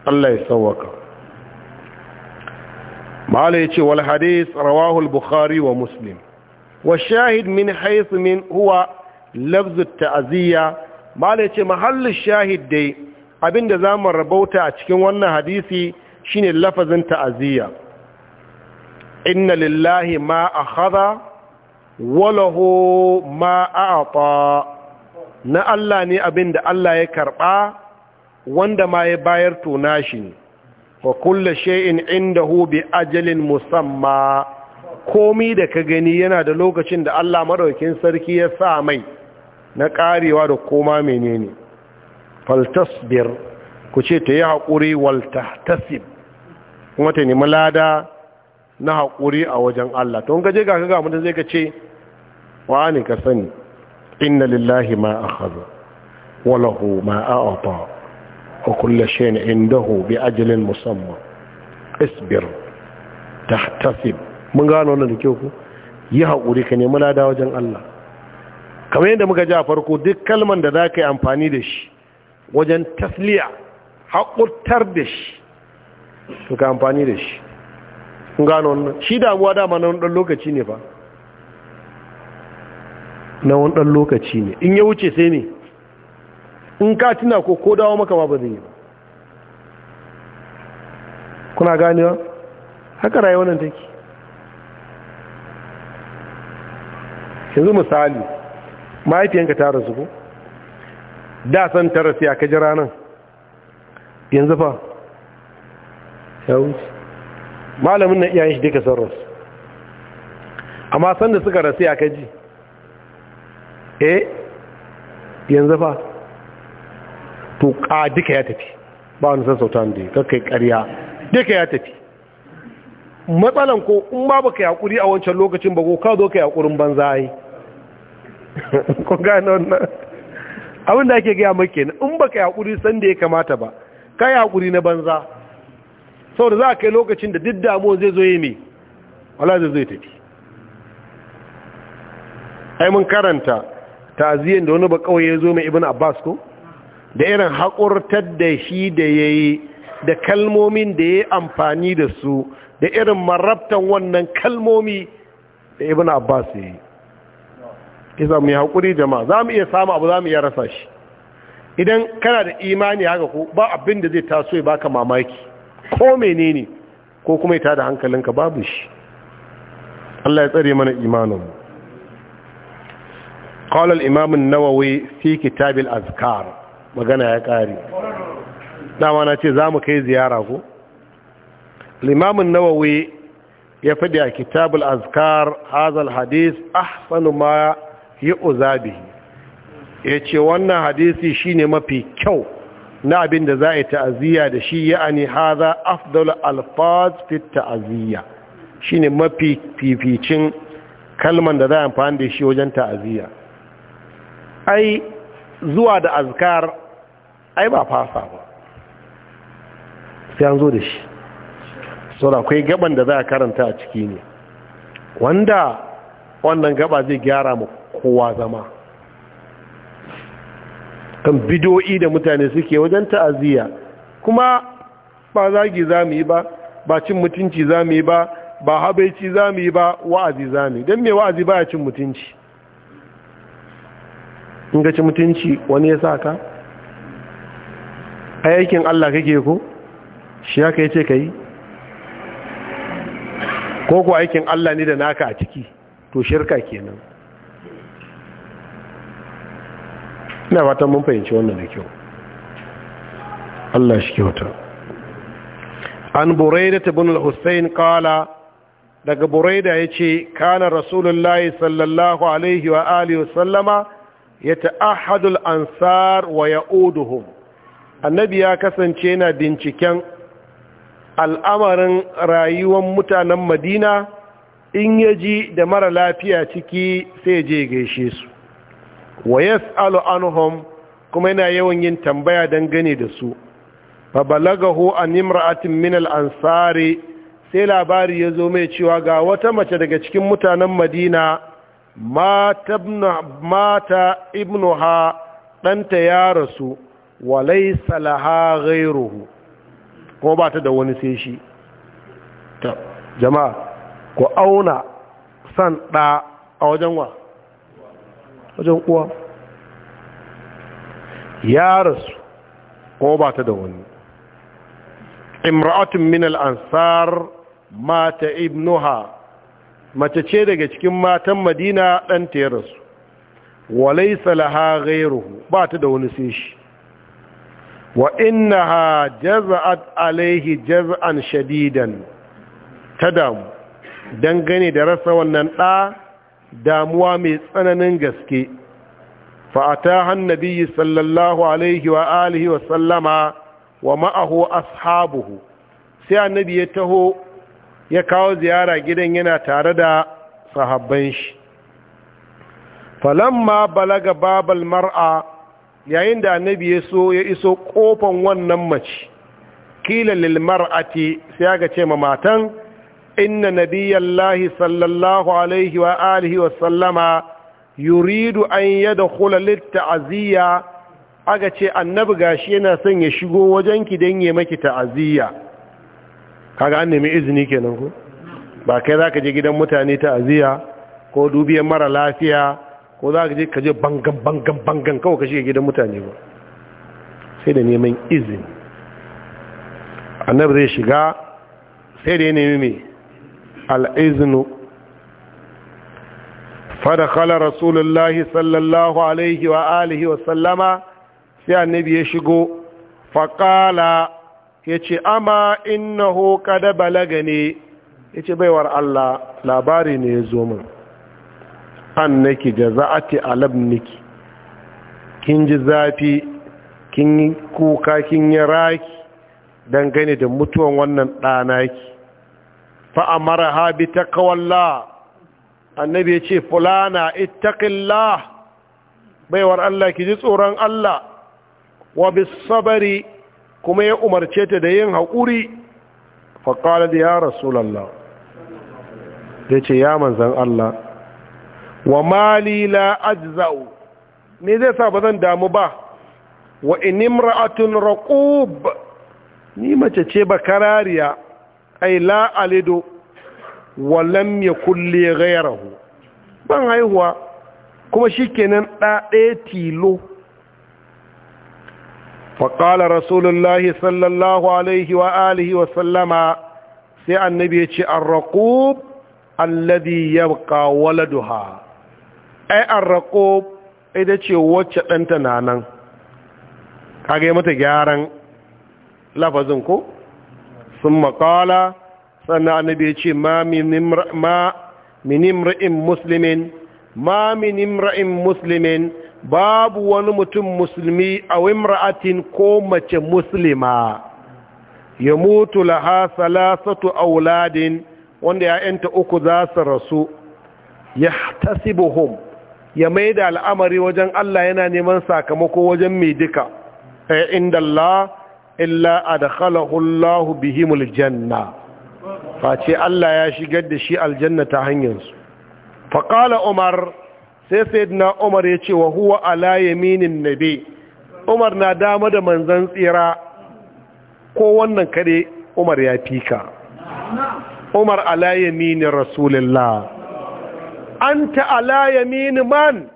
Allah ya sauwaka ma'ala ya ce wal hadis rawahul bukhari wa muslim wa shahid min haisu min huwa lafzu ta'aziyya ma'ala ya ce mahallin shahid dai abinda za mu rabauta a cikin wannan hadisi shine lafazin ta'aziyya inna lillahi ma akhadha wa lahu ma a'ta na Allah ne abin da Allah ya karba wanda ma ya bayar to nashi wa kullu shay'in indahu bi ajalin musamma komi da ka gani yana da lokacin da Allah madaukakin sarki ya sa mai na karewa da koma menene faltasbir ku ce ta yi haƙuri tasib kuma ta nemi lada na haƙuri a wajen Allah to gaje ga kaga mutum zai ka ce wa ne ka sani inna lillahi ma a wa walahu ma a'ata wa kullu indahu bi ajilin musamman. isbir tasib mun gano wannan da kyau ku yi haƙuri ka nemi lada wajen Allah kamar yadda muka ji a farko duk kalman da za ka yi amfani da shi wajen tasliya haƙurtar da shi to ka amfani da shi gano wannan shi damuwa dama na ɗan lokaci ne ba. na ɗan lokaci ne in ya wuce sai ne in ka tuna ko ko dawo maka ma ba zai yi ba kuna ganewa haka rayuwa nan take yanzu misali mahaifiyanka ta rasu ko da san tara sai aka jira nan yanzu fa ya wuce malamin na iyayen shi duka san rasu amma san da suka rasu ya kaji eh yanzu fa to a duka ya tafi ba wani san sautan da ya kakai karya duka ya tafi matsalan ko in ba baka yakuri a wancan lokacin ba ko ka zo ka yakurin banza yi ko gane wannan abin da ake gaya maka kenan in baka yaƙuri san da ya kamata ba ka yaƙuri na banza sau da za a kai lokacin da duk damuwa zai zo yi mai wala zai zai tafi ai mun karanta ta'aziyan da wani ba kawai ya zo mai ibn abbas ko da irin haƙurtar da shi da ya yi da kalmomin da ya yi amfani da su da irin marabtan wannan kalmomi da ibn abbas ya yi za mu yi haƙuri jama'a za mu iya samu abu za mu iya rasa shi idan kana da imani haka ko ba abin da zai taso ya baka mamaki ko menene ko kuma ya tada hankalinka babu shi Allah ya tsare mana imanin mu an-nawawi fi kitab al-azkar magana ya ƙari dama na ce za mu kai ziyara ku limamin nawawi ya fadi a kitabul azkar hazal hadis ahsanu ma yi uzabi ya ce wannan hadisi shine mafi kyau na abin da za a yi ta'aziyya da shi ya'ani haza afdal alfaz fi ta'aziyya shine mafi fificin kalman da za a amfani da shi wajen ta'aziyya ai zuwa da azkar ai ba fasa ba sai an zo da shi saboda akwai gaban da za a karanta a ciki ne wanda wannan gaba zai gyara mu kowa zama kan bidoi da mutane suke wajen ta'aziyya kuma ba zagi za mu yi ba ba cin mutunci za mu yi ba ba habaici za mu yi ba wa'azi za mu yi don me wa'azi ba ya cin mutunci in ga ci mutunci wani ya sa ka A yakin Allah kake ko shi ya ce ka yi ko ko aikin Allah ne da naka a ciki to shirka kenan ina fatan mun fahimci wannan da kyau Allah shi kyauta an buraida bin al-husayn Kala daga buraida ce, kanar rasulullahi sallallahu alaihi wa alihi wasallama ya yata'ahadu al-ansar wa ya'uduhum annabi ya kasance yana binciken al'amarin rayuwar mutanen madina in yaji da mara lafiya ciki sai je gaishe su wa yas'alu anhum kuma yana yawan yin tambaya dangane da su fa balagahu an imra'atin min al-ansari sai labari ya zo mai cewa ga wata mace daga cikin mutanen Madina mata ibnuha ɗanta ya rasu walai salaha gairuhu kuma ba ta da wani sai shi jama'a ku auna san ɗa a wajen wa wajen uwa ya rasu ko ba ta da wani imra'atun min al'ansar mata ibnuha mace ce daga cikin matan madina ta ya rasu walai salaha gairuhu ba ta da wani sai shi wa innaha jaza'at alaihi jaz'an shadidan ta damu dangane da rasa wannan ɗa damuwa mai tsananin gaske fa'ata hannabi sallallahu alaihi wa alihi wa sallama wa ma'ahu ashabuhu sai annabi ya taho ya kawo ziyara gidan yana tare da sahabban shi falamma balaga babal mar'a yayin da annabi ya so ya iso kofan wannan mace kila lil mar'ati sai ga ce ma matan inna nabiyallahi sallallahu alaihi wa alihi wa sallama yuridu an yadkhula litta'ziya aga ce annabi gashi yana son ya shigo wajenki dan ya maki ta'aziyya kaga an nemi izini kenan ko ba kai zaka je gidan mutane ta'aziyya ko dubiyan mara lafiya ko za ka je ka je bangan bangan bangan kawai ka shiga gidan mutane ba sai da neman izini annabi zai shiga sai da ya nemi mai al'izinu fadakala rasulullahi sallallahu alaihi wa alihi wa sallama sai annabi ya shigo faƙala ya ce ama innahu kada balaga ne ya ce baiwar Allah labari ne ya zo min annaki jaza'ati alabniki kin ji zafi kin kuka kin yi raki dangane da mutuwan wannan ɗanaki fa'amara ha bi takawalla annabi ya ce fulana ittaƙilla baiwar Allah ki ji tsoron Allah wa kuma ya umarce ta da yin haƙuri faƙalar ya rasulallah ya ce ya manzan Allah wa mali la ajza'u ne zai sa ba zan damu ba wa inimra'atun raqub ni mace ce ba karariya ai la alidu wa lam yakul li ghayrahu ban haihuwa kuma shikenan da ɗaya tilo faƙala rasulullahi sallallahu alaihi wa alihi wa sallama sai annabi ya ce arraƙub alladhi yabqa waladuha ai ai da ce wacce ɗanta na nan kage mata gyaran lafazin ko sun makala sannan annabi ya ce ma minimra'in musulmin ma minimra'in musulmin babu wani mutum musulmi a wimra'atin ko mace musulma ya mutu laha salasatu auladin wanda ya'yanta uku za su rasu ya tasibuhum ya mai da al'amari wajen Allah yana neman sakamako wajen mai duka a eh, inda Allah illa adkhalahu Allahu bihimul janna face Allah ya shigar da shi aljanna ta hanyar su faqala Umar sai sayyidina Umar yace wa huwa ala yaminin nabi Umar na dama da manzan tsira ko wannan kare Umar ya fika Umar ala yaminin rasulullah ta ala yamin man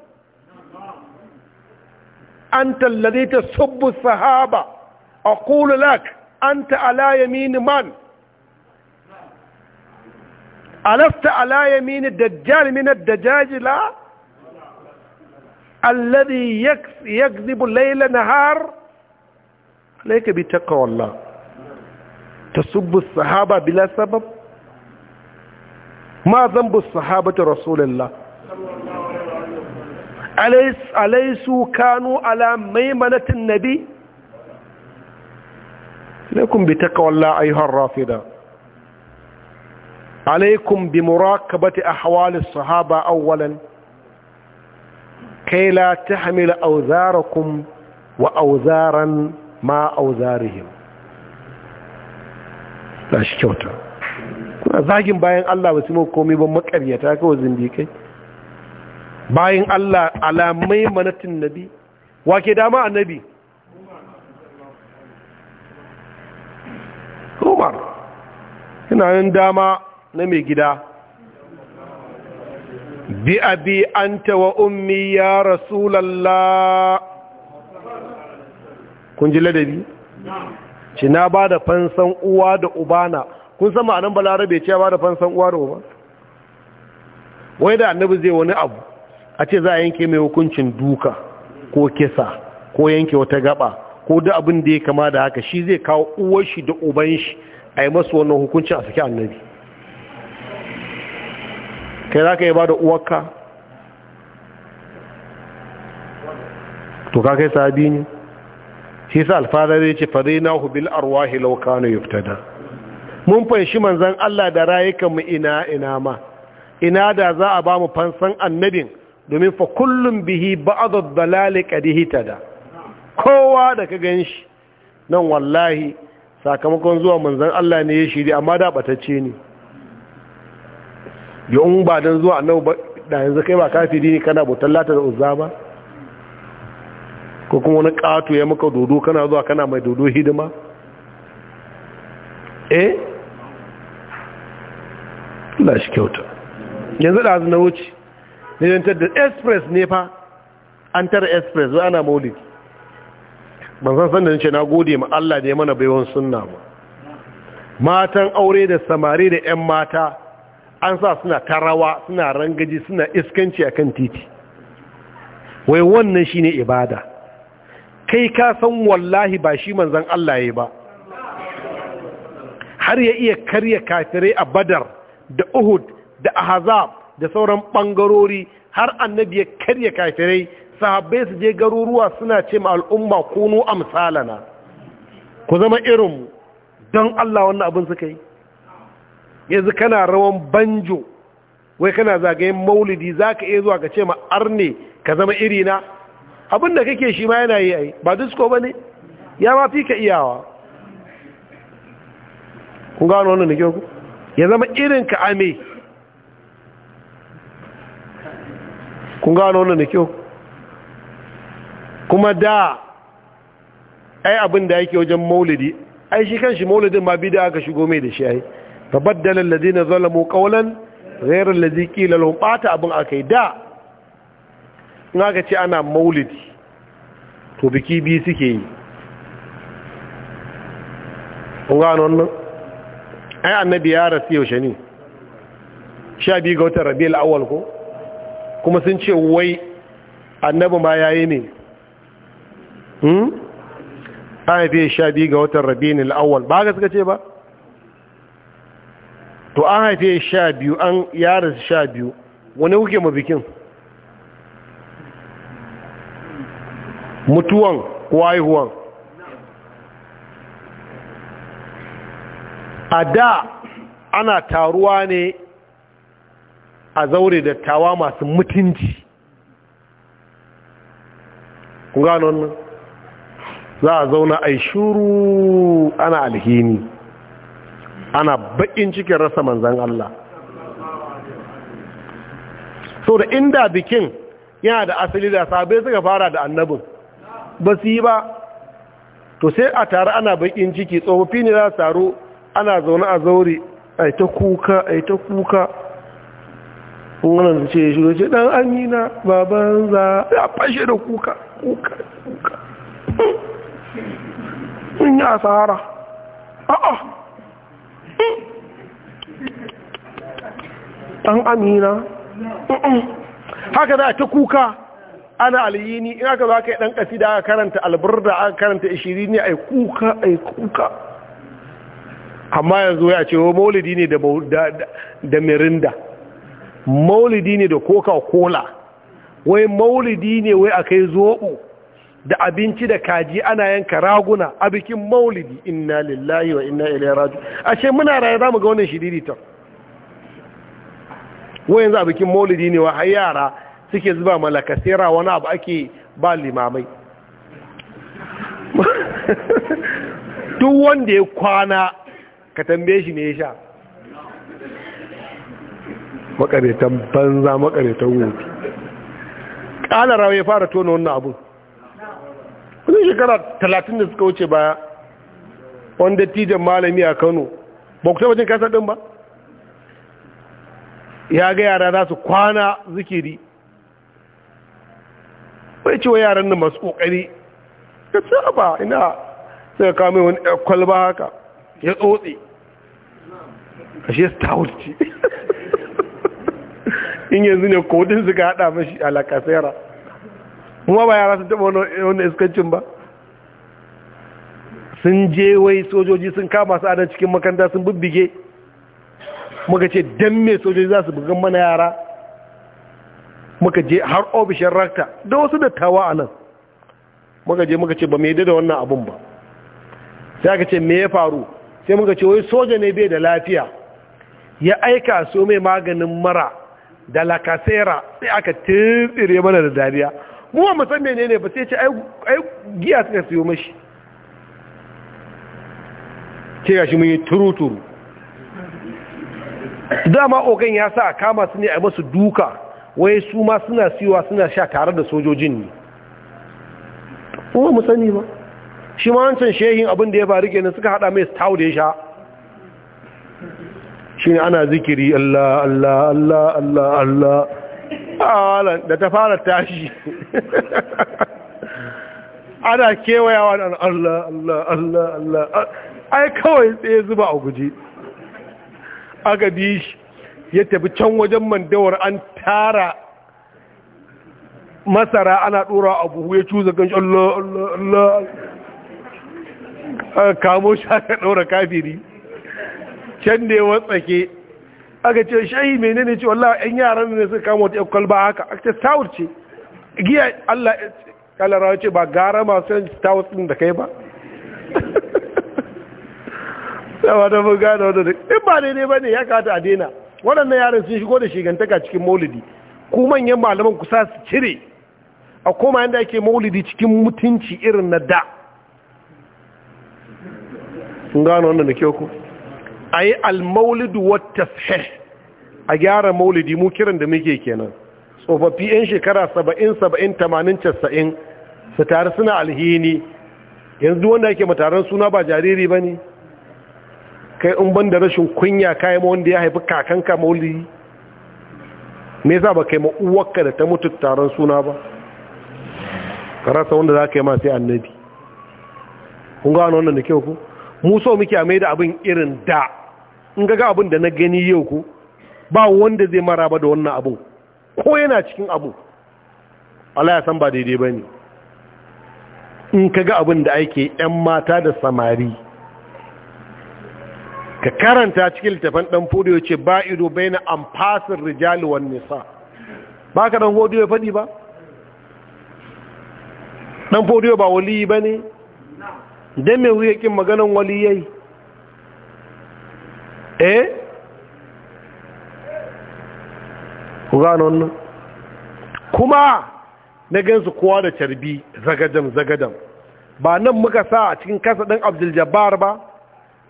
anta alladhi tasubbu sahaba أقول لك أنت على يمين من ألست على يمين الدجال من الدجاج لا الذي يكذب الليل نهار عليك بتقوى الله تسب الصحابة بلا سبب ما ذنب الصحابة رسول الله أليس أليسوا كانوا على ميمنة النبي alaikum bi taqwallah ayyuhar rafida alaikum bi murakabati ahwalis sahaba awwalan kai la tahmil awzarakum wa awzaran ma awzarihim la shi kyauta kuna zagin bayan Allah ba su mu komai ba makaryata kawai zindikai bayan Allah alamai manatin nabi wake dama annabi umar yana yin dama na mai gida bi abi anta wa ummi ya rasulallah kun ji ladabi ci na ba da fansan uwa da ubana kun san ma'anin balarabe ce ba da fansan uwa da uba wai da annabi zai wani abu a ce za a yanke mai hukuncin duka ko kisa ko yanke wata gaba ko da abin da ya kama da haka shi zai kawo uwar shi da uban shi a yi masu wannan hukuncin a saki annabi kai za ka yi ba da uwarka to ka kai sabi ne shi sa alfada zai ce fari na hubil arwahi laukano yuftada mun fanshi manzan Allah da mu ina ina ma ina da za a ba mu fansan annabin domin fa kullum bihi ba'adar dalali da. kowa da ka gan shi nan wallahi sakamakon zuwa manzan Allah ne ya shiri amma da batacce ne yawon ba don zuwa annabu ba da yanzu kai ba kafiri ne kana bautar lata da uzza ba ko kuma wani kato ya maka dodo kana zuwa kana mai dodo hidima eh Allah shi kyauta yanzu da na wuce ne da express ne fa an tara express zuwa ana maulidi ban san san da nace na gode ma Allah da ya mana baiwan sunna ba matan aure da samari da ƴan mata an sa suna tarawa suna rangaji suna iskanci akan titi wai wannan shine ibada kai ka san wallahi ba shi manzon Allah yayi ba har ya iya karya kafirai a Badar da Uhud da Ahzab da sauran bangarori har annabi ya karya kafirai sahabbai su je garuruwa suna ce ma al'umma kunu misalana ku zama irin don Allah wannan abin suka yi yanzu kana rawan banjo wai kana zagayen maulidi za ka iya zuwa ka ce ma arne ka zama irina abin da kake shi ma yana yi a yi ba disko ba ne ya ma fi ka iyawa kun gano wannan da ku ya zama irin ka ame kun gano wannan da kyau kuma da ai abin da yake wajen maulidi ai shi kanshi maulidin ma bida aka shigo mai da shi ai fabaddala alladhina zalamu qawlan ghayra alladhi qila lahum bata abin akai da in aka ce ana maulidi to biki bi suke yi kun nan ai annabi ya rasu yaushe ne sha biyu ga watan rabi'ul awwal ko kuma sun ce wai annabi ma yayi ne Hmm? ta sha biyu ga watan rabini auwal ba ga suka ce ba to an haife sha biyu an yara sha biyu wani kuke ma bikin mutuwan ko a da ana taruwa ne a zaure da tawa masu mutunci ku nan za a zauna ai shuru ana alhini ana bakin cikin rasa manzan Allah so da inda bikin yana da asali da sabai suka fara da annabin ba su yi ba to sai a tare ana bakin ciki tsofaffi ne za su taru ana zaune a zaure a ta kuka a ta kuka wannan ce shi ce dan amina baban za fashe da kuka kuka kuka in yi asara a'a ɗan amina haka za a ta kuka ana alyini in aka za ka yi ɗan ƙasi da aka karanta alburda aka karanta ne a kuka a kuka amma yanzu ya ce wa oh, maulidi ne da mirinda maulidi ne da coca-cola wai maulidi ne wai a kai zoɓo da abinci da kaji ana yanka raguna a bikin maulidi inna lillahi wa inna ilaihi raji'un ashe muna raye mu ga wannan shiriri ta yanzu a bikin maulidi ne wa har yara suke zuba sera wani abu ake ba limamai duk wanda ya kwana ka tambaye shi ne ya sha makaretan banza makaretan wuce ƙalara ya fara tona wannan abun wani shekara talatin da suka wuce baya wanda tijan malami a kano ba ku tabbacin kasar ɗin ba ya ga yara za su kwana zikiri wai ce wa yaran nan masu ƙoƙari ka ce ba ina sai ka wani kwalba haka ya tsotse a shi stout ce in yanzu ne kodin su ga haɗa mashi alakasera kuma ba yara sun taɓa wani iskancin ba sun je wai sojoji sun kama su adan cikin makanta sun bubbige muka ce don me sojoji za su bugan mana yara muka je har ofishin rakta da wasu dattawa a nan muka je muka ce ba mai da wannan abun ba sai aka ce me ya faru sai muka ce wai soja ne bai da lafiya ya aika so mai maganin mara da lakasera sai aka tsire mana da dariya mu ba mu san ne ba sai ce ai giya suka siyo mashi ce shi mun yi turuturu dama ogan ya sa a kama su ne a masu duka wai su ma suna siyowa suna sha tare da sojojin ne kuma mu sani ba shi ma wancan shehin abin da ya faru kenan suka hada mai stau da ya sha shi ne ana zikiri Allah Allah Allah Allah Allah awalan ah, da ta fara tashi ana kewayawa da Allah Allah Allah Allah ai kawai tsaye zuba a guje aka bi shi ya tafi can wajen mandawar an tara masara ana dora abu ya cuza ganshi Allah Allah Allah kamo shi aka daura kafiri can da ya watsake aka ce shayi menene ce wallahi ɗan yaran ne suka kama wata ba haka aka ce stout ce giya Allah kalarawa ce ba gara masu yan stout ɗin da kai ba sama da mun gane da duk in ba daidai ba ne ya kata a daina waɗannan yaran sun shigo da shigantaka cikin maulidi ku manyan malaman ku sa su cire a koma yadda ake maulidi cikin mutunci irin na da sun gano wannan da kyau ku a yi almaulidu wata a gyara maulidi mu kiran da muke kenan tsofaffi 'yan shekara saba'in saba'in tamanin casa'in su tare suna alhini yanzu wanda yake mataran suna ba jariri ba ne kai in ban da rashin kunya kayan wanda ya haifi kakanka maulidi me za ba kai ma'uwakka da ta mutu taron suna ba karasa wanda za ka yi masu annabi kun gano wannan da kyau ku mu so muke a mai da abin irin da in ga abin da na gani yau ku ba wanda zai mara ba da wannan abin ko yana cikin abu Allah ya san ba daidai ba ne in ka ga abin da ake 'yan mata da samari ka karanta cikin littafin ɗan fudu ya ce ba ido bai na amfasin rijali nisa ba ka ɗan fudu ya faɗi ba? ɗan fudu ba wali ba ne? don mai wuyakin ƙin wali waliyai eh ku gano wannan kuma na gansu kowa da carbi zagadam zagadam ba nan muka sa a cikin kasa ɗin abdul-jabbar ba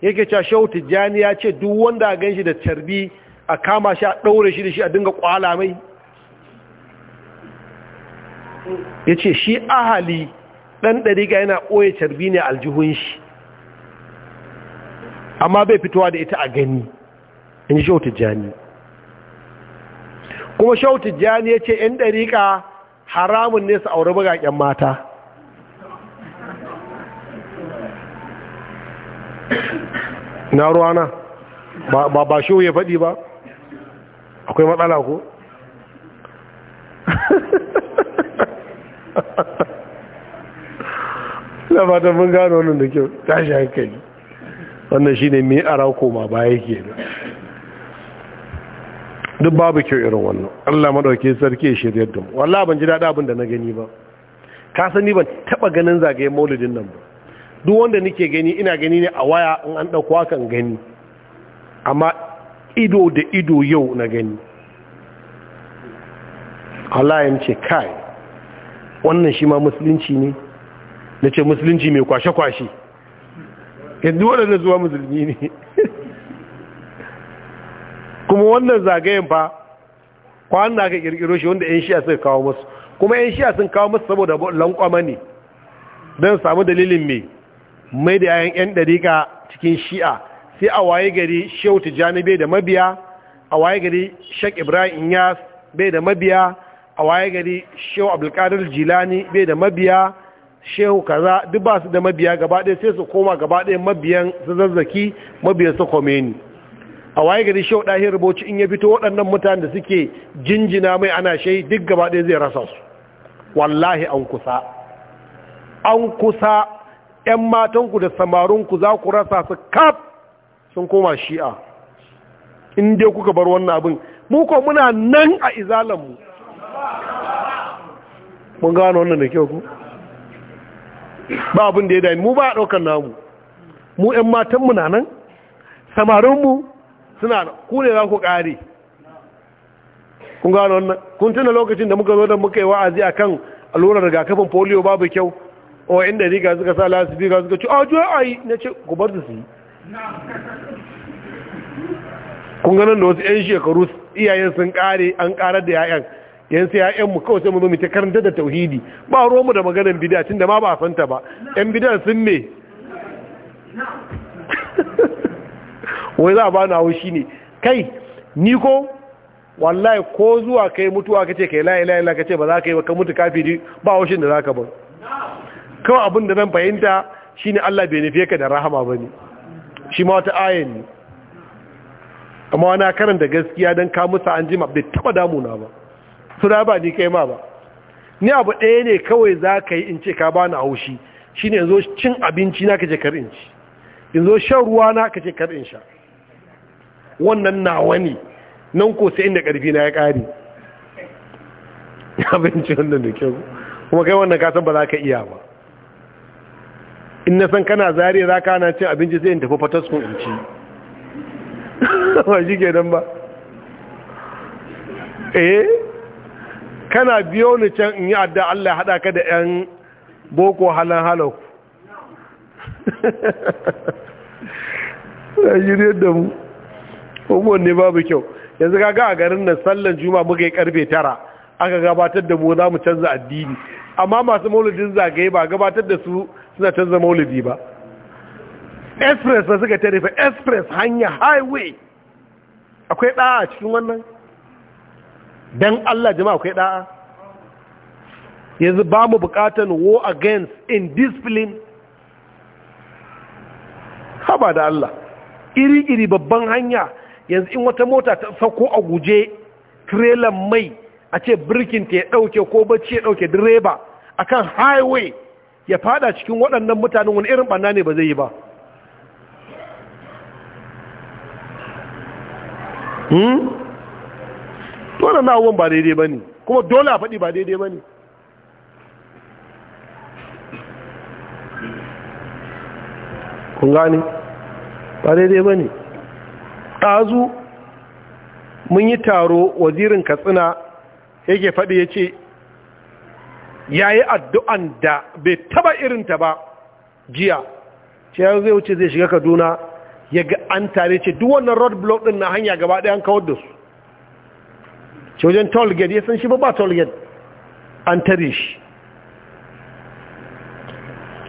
yake cewa shehu tijjani ya ce duk wanda a ganshi da carbi a kama shi a ɗaure shi da shi a dinga kwala mai ya ce shi ahali ɗan ɗariƙa yana ɓoye carbi ne aljihun shi amma bai fitowa da ita a gani in ji shautu jani kuma shautu jani ya ce ‘yan ɗariƙa haramun ne su auri bugaƙen mata na ruwana ba ba shi ya faɗi ba akwai matsala ko? labatar mun gano wannan da kyau tashi hankali wannan shi ne mai ara koma baya ke duk babu kyau irin wannan allah maɗauki sarki ya shirya da mu wallah ban ji daɗa abin da na gani ba ka ni ban taɓa ganin zagayen maulidin nan ba duk wanda nake gani ina gani ne a waya in an ɗauko hakan gani amma ido da ido yau na gani Allah ya ce kai wannan shi ma musulunci ne na ce musulunci mai kwashe-kwashe yanzu waɗanda zuwa musulmi ne kuma wannan zagayen fa kwanan da aka kirkiro shi wanda 'yan shiya sun kawo masu kuma 'yan shiya sun kawo masu saboda lankwama ne don samu dalilin mai mai da yayan 'yan ɗarika cikin shi'a sai a waye gari shehu tijjani bai da mabiya a waye gari shak ibrahim yas bai da mabiya a waye gari shehu abdulkadir jilani bai da mabiya shehu kaza duk ba su da mabiya gaba sai su koma gaba ɗaya mabiyan su zazzaki mabiyan su komeni a waye gari shehu ɗahi rubuci in ya fito waɗannan mutanen da suke jinjina mai ana shai duk gaba zai rasa su wallahi an kusa an kusa ‘yan matanku da samarinku za ku rasa su kaf sun koma shi'a in dai kuka bar wannan abin mu ko muna nan a izalanmu mun gano wannan da kyau ku ba abin da ya dami mu ba a ɗaukar namu mu 'yan matanmu na nan samarinmu suna ku ne za ku ƙare kun gano wannan kun tuna lokacin da muka zo da muka yi wa'azi akan allurar rigakafin polio babu kyau o inda riga suka sa lasibi ga suka ce a yi ai na ce ku bar su yi kun ganin da wasu 'yan shekaru iyayen sun ƙare an ƙarar da 'ya'yan yan sai mu kawai sai mu zo mu ta karanta da tauhidi ba ruwan mu da maganar bid'a tunda ma ba a santa ba yan bid'a sun me wai za a ba na haushi ne kai ni ko wallahi ko zuwa kai mutuwa kace kai la ilaha illallah kace ba za ka yi ba ka mutu kafiri ba haushin da zaka ba kawai abin da zan fahimta shine Allah bai nufe ka da rahama bane shi ma wata ayan ne amma wani karanta gaskiya don kamusa an jima bai taba damuna ba suna ba ni kai ma ba ni abu ɗaya ne kawai za ka yi in ce ka ba na haushi shi ne yanzu cin abinci na ka ce kar in ci yanzu shan ruwa na ka ce kar in sha wannan na wani nan ko sai inda ƙarfi na ya ƙari abinci wannan da kyau kuma kai wannan kasan ba za ka iya ba in na san kana zari za ka na cin abinci sai in tafi fataskun in ci ba shi ke nan ba eh kana biyo ni can in yi adda Allah haɗa ka da 'yan boko halan halau ya shirye da mu abubuwan ne babu kyau yanzu kaga a garin nan sallan juma muka yi karfe tara aka gabatar da mu za mu canza addini amma masu maulidin zagaye ba gabatar da su suna canza maulidi ba express ba suka tarifa express hanya highway akwai ɗaya a cikin wannan don Allah jama'a akwai da'a yanzu ba mu bukatan war against indiscipline haba da Allah iri-iri babban hanya yanzu in wata mota ta sako a guje trailer mai a ce birkin ta ya ɗauke ko bacci ya ɗauke direba akan highway ya fada cikin waɗannan mutanen wani irin ɓanna ne ba zai yi ba hmm? dole na abubuwan ba daidai ba ne kuma dole a faɗi ba daidai ba ne kun gane ba daidai ba ne ɗazu mun yi taro wazirin katsina yake faɗi ya ce ya yi addu'an da bai taba irinta ba jiya ce ya zai wuce zai shiga kaduna ya ga an tare ce duk wannan road block ɗin na hanya gaba ɗaya an kawar da su shi wajen tolgate ya san shi ba ba tolgate an tare shi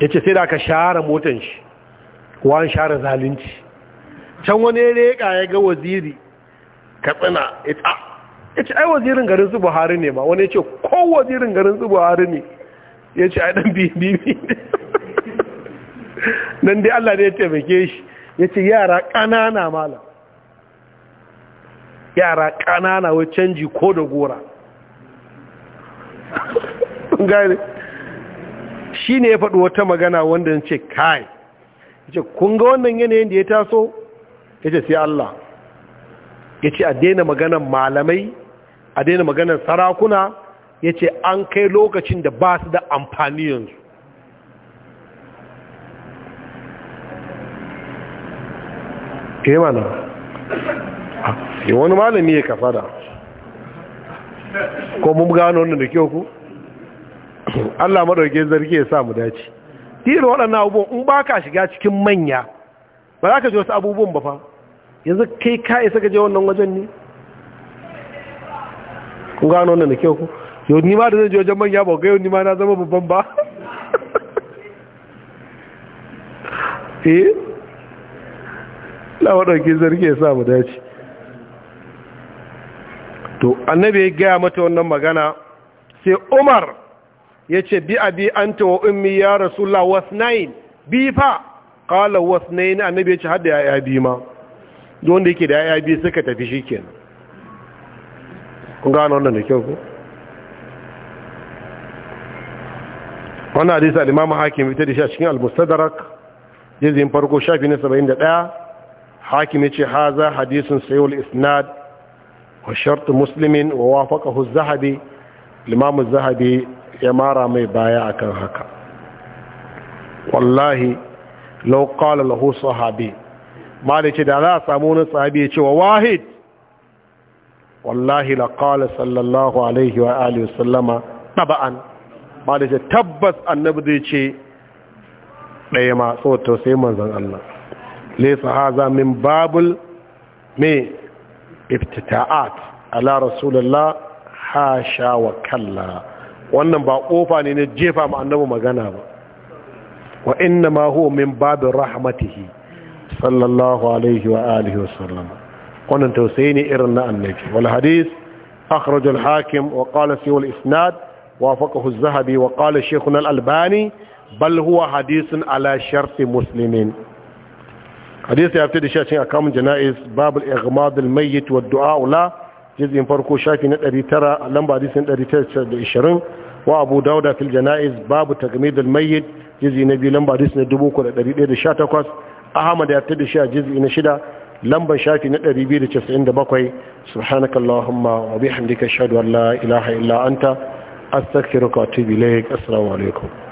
ya ce sai da aka share motan shi ko an share zalunci can wani reka ya ga waziri katsina ah. ya ce ai wazirin garin su buhari ne ba wani ya ce ko wazirin garin su buhari ne ya ce ai dan bibi nan dai allah ne ya taimake shi ya ce yara ƙanana malam yara ƙanana wai canji ko da gora gani shi ne ya faɗi wata magana wanda ce kai ya ce kunga wannan yanayin da ya taso ya ce sai Allah ya ce a daina maganan malamai a daina maganan sarakuna ya ce an kai lokacin da ba su da amfani yanzu ke eh, mana ya eh, wani malami ya da? ko mun gano wannan da kyau ku Allah madauke zargi ya sa mu dace tiro waɗannan abubuwan in ba ka shiga cikin manya ba za ka ji wasu abubuwan ba fa yanzu kai ka isa ka je wannan wajen ne kun gano wannan da kyau ku yau ni ma da zan je wajen manya ba ga yau ni ma na zama babban ba eh Allah madauke zargi ya sa mu dace to annabi ya gaya mata wannan magana sai umar ya ce bi abi ta wa ummi ya rasulullah wasnain bi fa qala wasnain annabi ya ce hada yaya bi ma don wanda yake da yaya bi suka tafi shikenan kun gano wannan da kyau ko wannan hadisi al-imam hakim ita da shi a cikin al-mustadrak jizin farko shafi na 71 hakim ya ce haza hadisin sayul isnad wa shartu muslimin wa wafaqahu zahabi imam zahabi ya mara mai baya akan haka wallahi law lahu sahabi malice da za a samu wani sahabi ya ce wa wahid wallahi la qala sallallahu alaihi wa alihi wasallama taba'an malice tabbas annabi zai ce ɗaya ma so to Allah laysa min babul Ibtita'a ala rasulullah hasha wa kalla wannan ba kofa ne na jefa ma annabi magana ba wa inna ma huwa min babin rahmatihi sallallahu alaihi wa alihi wa sallam wannan tausayi ne irin na annabi wal hadith akhraj al hakim wa qala fi al isnad وافقه الذهبي وقال شيخنا albani bal هو حديث ala sharti مسلمين hadisi ya fito da shi a cikin akamun jana'iz babul ighmad al mayyit wa du'a la juz'in farko shafi na 900 lamba hadisin 920 wa abu dauda fil jana'iz babu tagmid al mayyit juz'i na biyu lamba hadisin 3118 ahmad ya fito da shi a juz'i na shida lambar shafi na 297 subhanaka allahumma wa bihamdika ashhadu an la ilaha illa anta astaghfiruka wa atubu ilaik assalamu alaikum